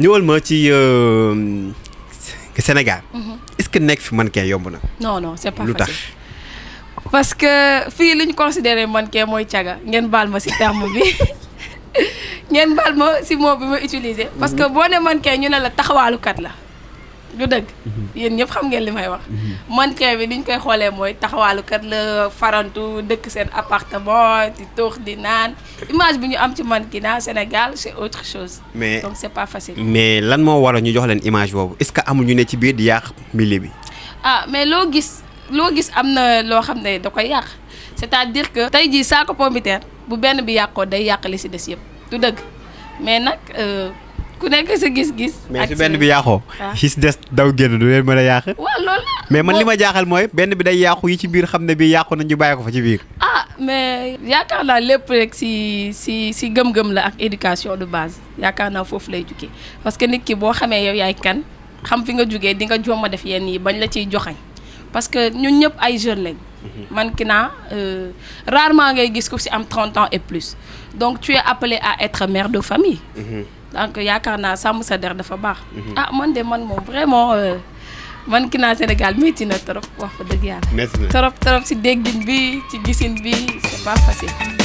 ñëwal ma ci euh, Sénégal. Mhm. est-ce que nekk fi mannequin yomb na. non non c'est parce que fii li ñu man mannequin mooy caga ngeen baal ma si terme bi ngeen baal ma si mot bi ma utiliser. parce que boo ne mannequin ñu ne la taxawaalukat la. lu dëgg mhm. yéen ñëpp xam ngeen li may wax mhm. mannequin bi ni ñu koy xoolee mooy kat la farantu dëkk seen appartement di tuux di naan image bi ñu am ci mannequinat Sénégal c'est autre chose mais donc c'est pas facile mais lan moo waral ñu jox leen image boobu est-ce que amul ñu ne ci biir di yàq milieu bi ah mais loo gis loo gis am na loo xam ne da koy yàq c'est-à-dire que tey jii saako pombiteer bu benn bi yàqoo day yàq li si des yëpp du dëgg mais nag euh, ku nekk sa gis-gis. mais su benn bi yaaxoo. xis ah. des daw génn du leen mën a yàq. waaw loolu mais man li ma jaaxal mooy benn bi day yàqu yi ci biir xam ne bii yàqu nañu ñu bàyyi ko fa ci biir. ah mais yaakaar naa lépp rek si si si gëm-gëm la ak éducation de base yaakaar naa foofu lay jugee parce que nit ki boo xamee yow yaay kan xam fi nga jugee di nga jom a def yenn yi bañ la ciy joxañ parce que ñun ñëpp ay jeunes lañ. Mhm. man ki naa euh, rarement ngay gis ku si am 30 ans et plus donc tu es appelé à être mère de famille. Mhm donc yaakaar naa sàmm sa der dafa baax. Mhm. ah man de man moom vraiment euh, man ki naa Sénégal métti na trop wax fa dëgg yàlla. trop trop si déggin bi ci gisin bi c'est pas facile.